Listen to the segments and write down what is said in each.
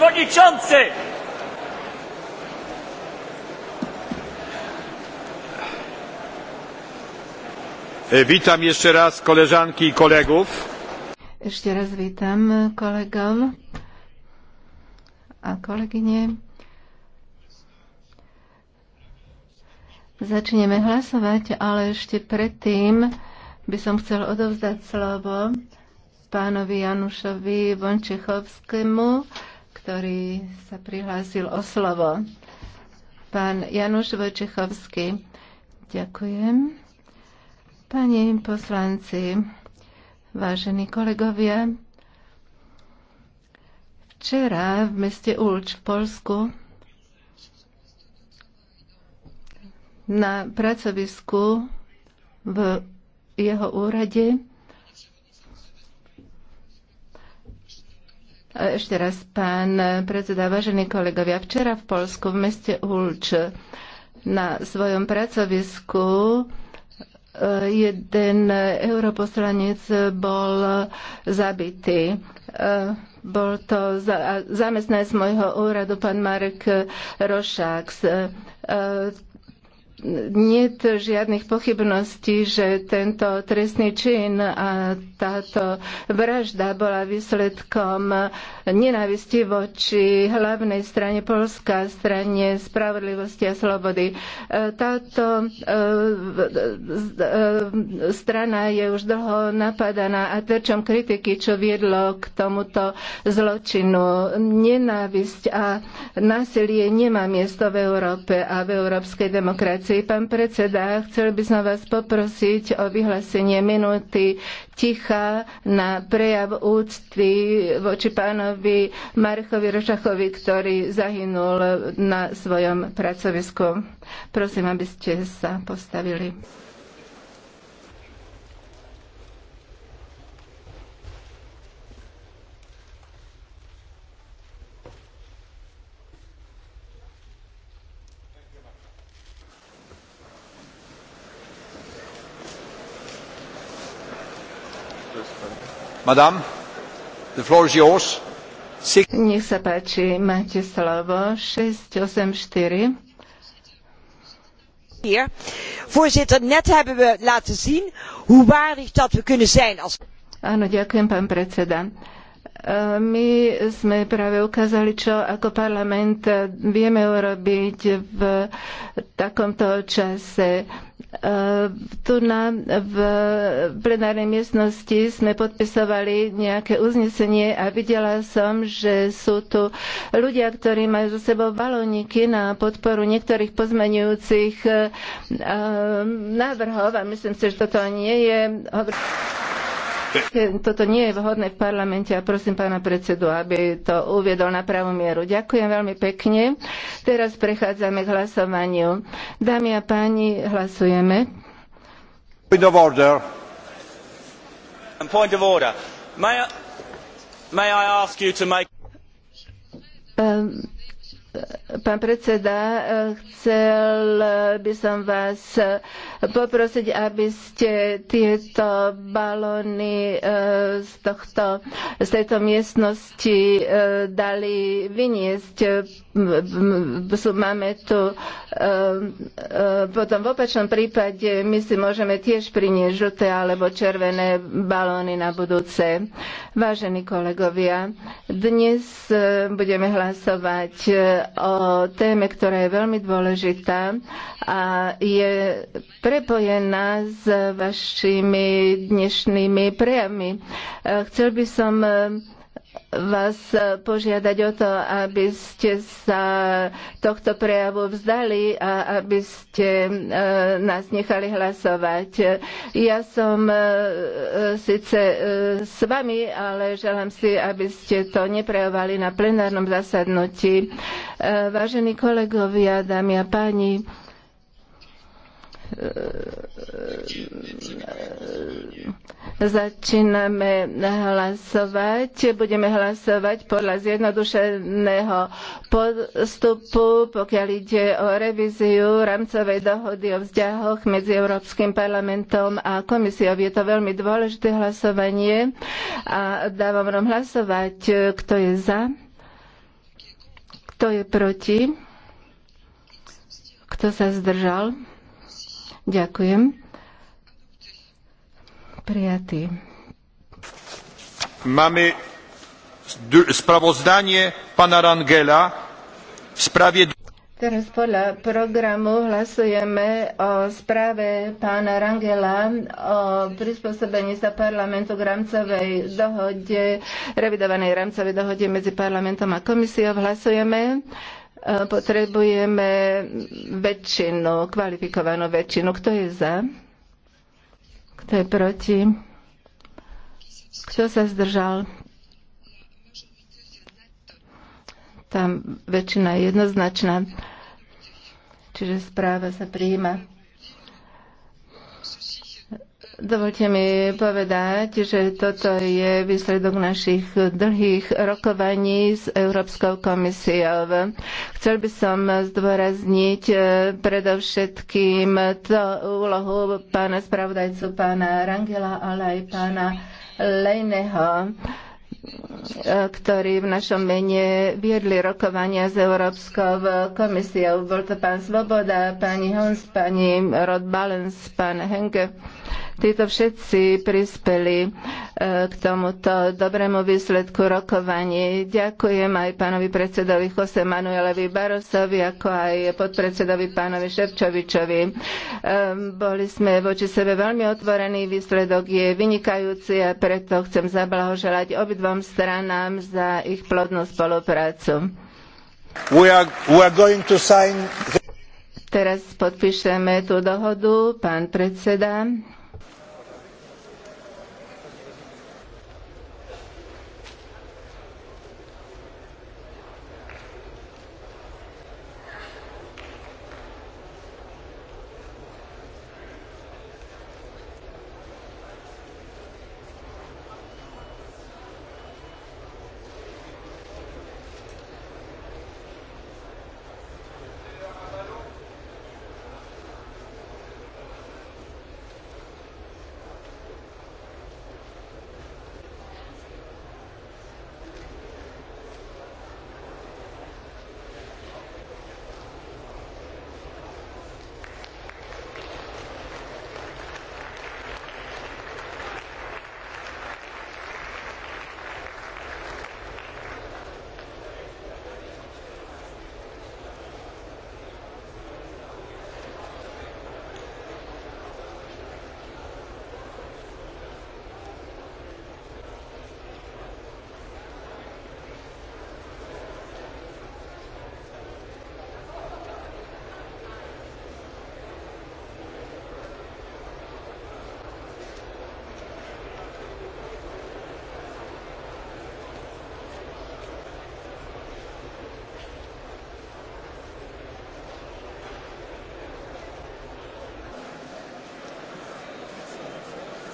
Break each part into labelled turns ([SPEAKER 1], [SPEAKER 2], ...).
[SPEAKER 1] przewodniczący! E, witam jeszcze raz koleżanki i kolegów.
[SPEAKER 2] Jeszcze raz witam kolegom a kolegyne. Začneme hlasovať, ale ešte predtým by som chcel odovzdať slovo pánovi Janušovi Vončechovskému, ktorý sa prihlásil o slovo. Pán Januš Vojčechovský. Ďakujem. Pani poslanci, vážení kolegovia, včera v meste Ulč v Polsku na pracovisku v jeho úrade Ešte raz, pán predseda, vážení kolegovia, včera v Polsku v meste Ulč na svojom pracovisku eh, jeden europoslanec bol zabitý. Eh, bol to zamestnanec môjho úradu, pán Marek Rošák eh, nie je žiadnych pochybností, že tento trestný čin a táto vražda bola výsledkom nenávisti voči hlavnej strane Polska, strane spravodlivosti a slobody. E, táto e, e, strana je už dlho napadaná a terčom kritiky, čo viedlo k tomuto zločinu. Nenávisť a násilie nemá miesto v Európe a v európskej demokracii poslanci, pán predseda, chcel by som vás poprosiť o vyhlásenie minúty ticha na prejav úcty voči pánovi Marchovi Rošachovi, ktorý zahynul na svojom pracovisku. Prosím, aby ste sa postavili.
[SPEAKER 1] Madame, the floor is yours.
[SPEAKER 2] Six... Nech sa páči, máte slovo 684. Hier. Voorzitter, net hebben we laten zien hoe waardig dat we kunnen zijn als. Áno, ďakujem, pán predseda. E, my sme práve ukázali, čo ako parlament vieme urobiť v takomto čase E, tu na, v plenárnej miestnosti sme podpisovali nejaké uznesenie a videla som, že sú tu ľudia, ktorí majú za sebou balóniky na podporu niektorých pozmenujúcich e, e, návrhov a myslím si, že toto nie je... Toto nie je vhodné v parlamente a prosím pána predsedu, aby to uviedol na pravú mieru. Ďakujem veľmi pekne. Teraz prechádzame k hlasovaniu. Dámy a páni, hlasujeme.
[SPEAKER 1] Point of order. Point of order.
[SPEAKER 2] May I, may I ask you to make... Um, Pán predseda, chcel by som vás poprosiť, aby ste tieto balóny e, z, tohto, z tejto miestnosti e, dali vyniesť. Máme tu e, potom v opačnom prípade my si môžeme tiež priniesť žlté alebo červené balóny na budúce. Vážení kolegovia, dnes budeme hlasovať o téme, ktorá je veľmi dôležitá a je prepojená s vašimi dnešnými prejavmi. Chcel by som vás požiadať o to, aby ste sa tohto prejavu vzdali a aby ste eh, nás nechali hlasovať. Ja som eh, síce eh, s vami, ale želám si, aby ste to neprejavovali na plenárnom zasadnutí. Vážení kolegovia, dámy a páni, E, e, začíname hlasovať. Budeme hlasovať podľa zjednodušeného postupu, pokiaľ ide o revíziu rámcovej dohody o vzťahoch medzi Európskym parlamentom a komisiou. Je to veľmi dôležité hlasovanie a dávam vám hlasovať, kto je za, kto je proti, kto sa zdržal. Ďakujem. Prijatý.
[SPEAKER 1] Máme spravozdanie pana Rangela v sprawie...
[SPEAKER 2] Teraz podľa programu hlasujeme o správe pána Rangela o prispôsobení sa parlamentu k rámcovej dohode, revidovanej rámcovej dohode medzi parlamentom a komisiou. Hlasujeme. E, potrebujeme väčšinu, kvalifikovanú väčšinu. Kto je za? Kto je proti? Kto sa zdržal? Tam väčšina je jednoznačná. Čiže správa sa prijíma. Dovolte mi povedať, že toto je výsledok našich dlhých rokovaní s Európskou komisiou. Chcel by som zdôrazniť eh, predovšetkým to úlohu pána spravodajcu, pána Rangela, ale aj pána Lejneho eh, ktorí v našom mene viedli rokovania s Európskou komisiou. Bol to pán Svoboda, pani Hons, pani Rod Balens, pán Henke Títo všetci prispeli e, k tomuto dobrému výsledku rokovaní. Ďakujem aj pánovi predsedovi Jose Manuelovi Barosovi, ako aj podpredsedovi pánovi Ševčovičovi. E, boli sme voči sebe veľmi otvorení, výsledok je vynikajúci a preto chcem zablahoželať obidvom stranám za ich plodnú spoluprácu.
[SPEAKER 1] We are, we are going to sign
[SPEAKER 2] Teraz podpíšeme tú dohodu, pán predseda.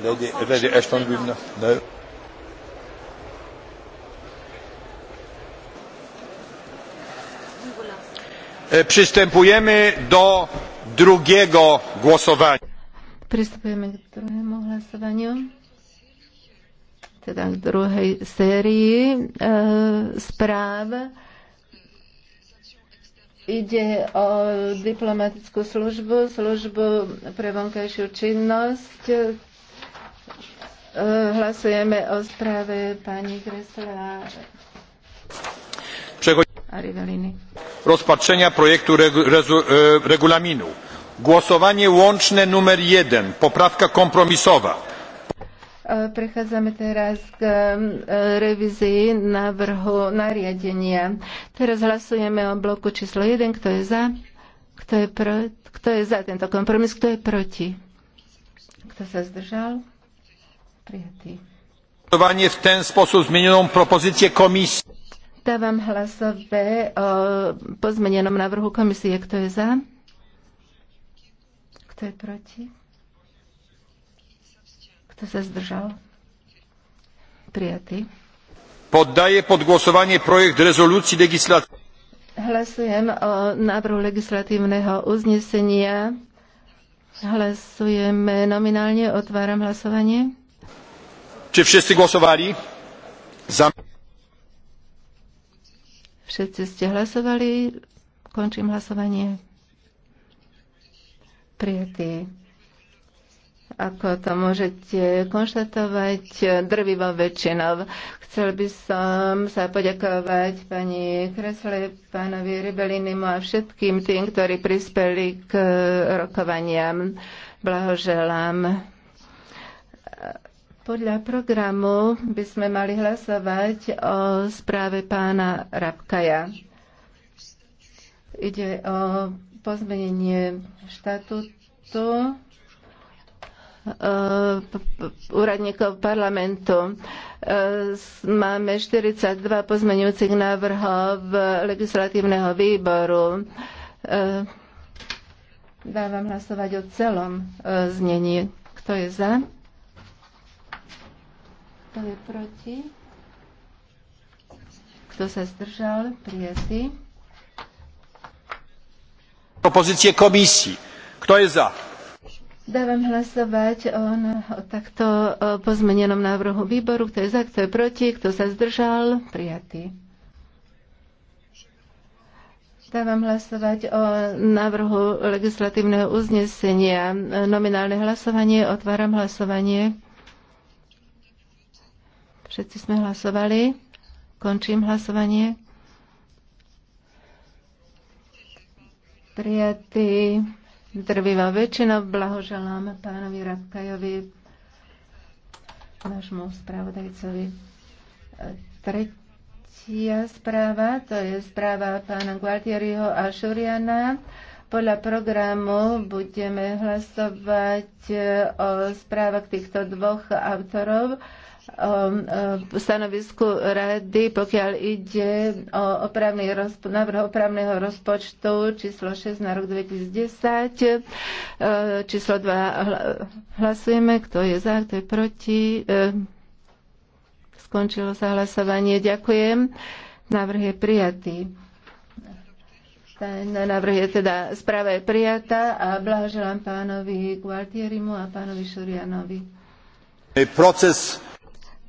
[SPEAKER 1] Lady, Lady Ashton Gunn, know. E, przystępujemy do drugiego głosowania.
[SPEAKER 2] Przystępujemy do drugiego głosowania. teda drugiej serii e, spraw. Ide o diplomatickú službu, službu pre vonkajšiu činnosť, Eh, hlasujeme o správe pani Kresla
[SPEAKER 1] Rozpatrzenia projektu e, regulaminu. Głosowanie łączne numer jeden. Poprawka kompromisowa.
[SPEAKER 2] Eh, Prechádzame teraz k e, revizii návrhu nariadenia. Teraz hlasujeme o bloku číslo 1. Kto je za? Kto je, pro, kto je za tento kompromis? Kto je proti? Kto sa zdržal? Prijatý.
[SPEAKER 1] v ten spôsob zmenenom propozície komisie.
[SPEAKER 2] Dávam hlasové o e, pozmenenom návrhu komisie. Kto je za? Kto je proti? Kto sa zdržal? Prijatý.
[SPEAKER 1] Poddaję pod głosowanie projekt rezolucji legislacyjnej.
[SPEAKER 2] Hlasujem o návrhu legislatívneho uznesenia. Hlasujeme nominálne. Otváram hlasovanie.
[SPEAKER 1] Czy wszyscy głosowali? Za...
[SPEAKER 2] Wszyscy ste hlasovali. Končím hlasovanie. Prijatý. Ako to môžete konštatovať drvivou väčšinou. Chcel by som sa poďakovať pani Kresle, pánovi Rybelinimu a všetkým tým, ktorí prispeli k rokovaniam. Blahoželám podľa programu by sme mali hlasovať o správe pána Rabkaja. Ide o pozmenenie štatútu e, úradníkov parlamentu. E, máme 42 pozmenujúcich návrhov legislatívneho výboru. E, dávam hlasovať o celom znení. Kto je za? Kto je proti? Kto sa zdržal? Prijatý.
[SPEAKER 1] Propozycje komisji. Kto je za?
[SPEAKER 2] Dávam hlasovať o, no, o takto pozmenenom návrhu výboru. Kto je za, kto je proti, kto sa zdržal? Prijatý. Dávam hlasovať o návrhu legislatívneho uznesenia. Nominálne hlasovanie. Otváram hlasovanie. Všetci sme hlasovali. Končím hlasovanie. Prijatý drvivá väčšina. Blahoželám pánovi Radkajovi, nášmu spravodajcovi. Tretia správa, to je správa pána Gualtieriho a Šuriana. Podľa programu budeme hlasovať o správach týchto dvoch autorov. Um, um, stanovisku rady, pokiaľ ide o opravný rozpo- návrh opravného rozpočtu číslo 6 na rok 2010. Uh, číslo 2 hlasujeme, kto je za, kto je proti. Uh, skončilo sa hlasovanie. Ďakujem. Návrh je prijatý. Ten návrh je teda, správa je prijatá a blahoželám pánovi Gualtierimu a pánovi Šurianovi.
[SPEAKER 1] Proces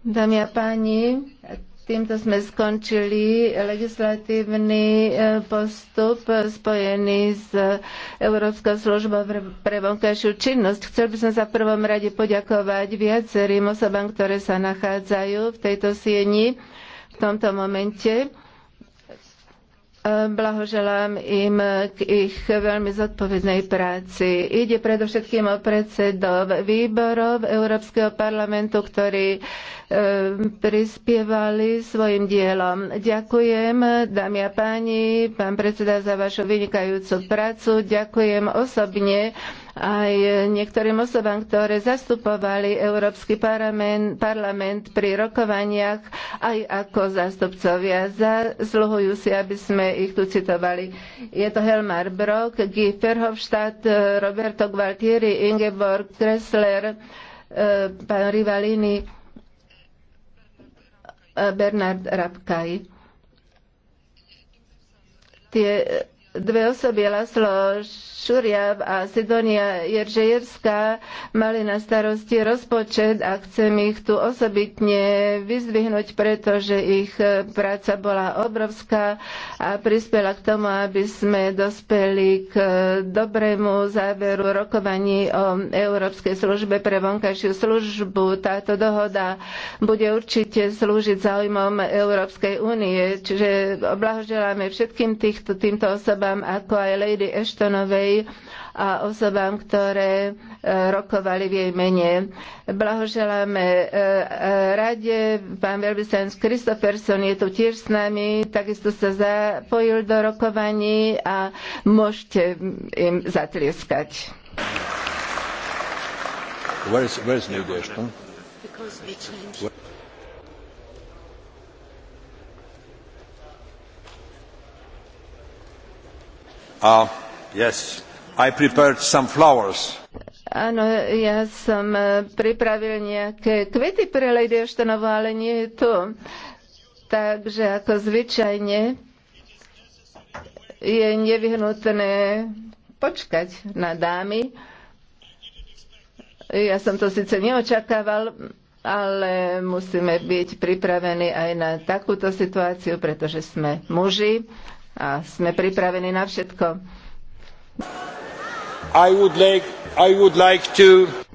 [SPEAKER 2] Dámy a páni, týmto sme skončili legislatívny e, postup spojený s Európskou službou pre vonkajšiu činnosť. Chcel by som sa v prvom rade poďakovať viacerým osobám, ktoré sa nachádzajú v tejto sieni v tomto momente. E, blahoželám im k ich veľmi zodpovednej práci. Ide predovšetkým o predsedov výborov Európskeho parlamentu, ktorí E, prispievali svojim dielom. Ďakujem, dámy a páni, pán predseda, za vašu vynikajúcu prácu. Ďakujem osobne aj niektorým osobám, ktoré zastupovali Európsky parlament, parlament pri rokovaniach, aj ako zástupcovia. Zasluhujú si, aby sme ich tu citovali. Je to Helmar Brock, Guy Verhofstadt, Roberto Gualtieri, Ingeborg Kressler, e, pán Rivalini, Bernard Rapkaj. Tie dve osoby, Laslo Šuriav a Sidonia Jeržejerská mali na starosti rozpočet a chcem ich tu osobitne vyzdvihnúť, pretože ich e, práca bola obrovská a prispela k tomu, aby sme dospeli k e, dobrému záveru rokovaní o Európskej službe pre vonkajšiu službu. Táto dohoda bude určite slúžiť záujmom Európskej únie, čiže oblahoželáme všetkým týchto, týmto osobám, ako aj Lady Ashtonovej a osobám, ktoré e, rokovali v jej mene. Blahoželáme e, e, rade, pán veľvyslanec Kristoferson je tu tiež s nami, takisto sa zapojil do rokovaní a môžete im zatlieskať.
[SPEAKER 1] Where is, where is Because
[SPEAKER 2] we changed.
[SPEAKER 1] Uh, yes. I prepared some flowers.
[SPEAKER 2] Áno, ja som e, pripravil nejaké kvety pre Lady Ashtonovú, ale nie je tu. Takže ako zvyčajne je nevyhnutné počkať na dámy. Ja som to síce neočakával, ale musíme byť pripravení aj na takúto situáciu, pretože sme muži a sme pripravení na všetko.
[SPEAKER 1] I would like, I would like to...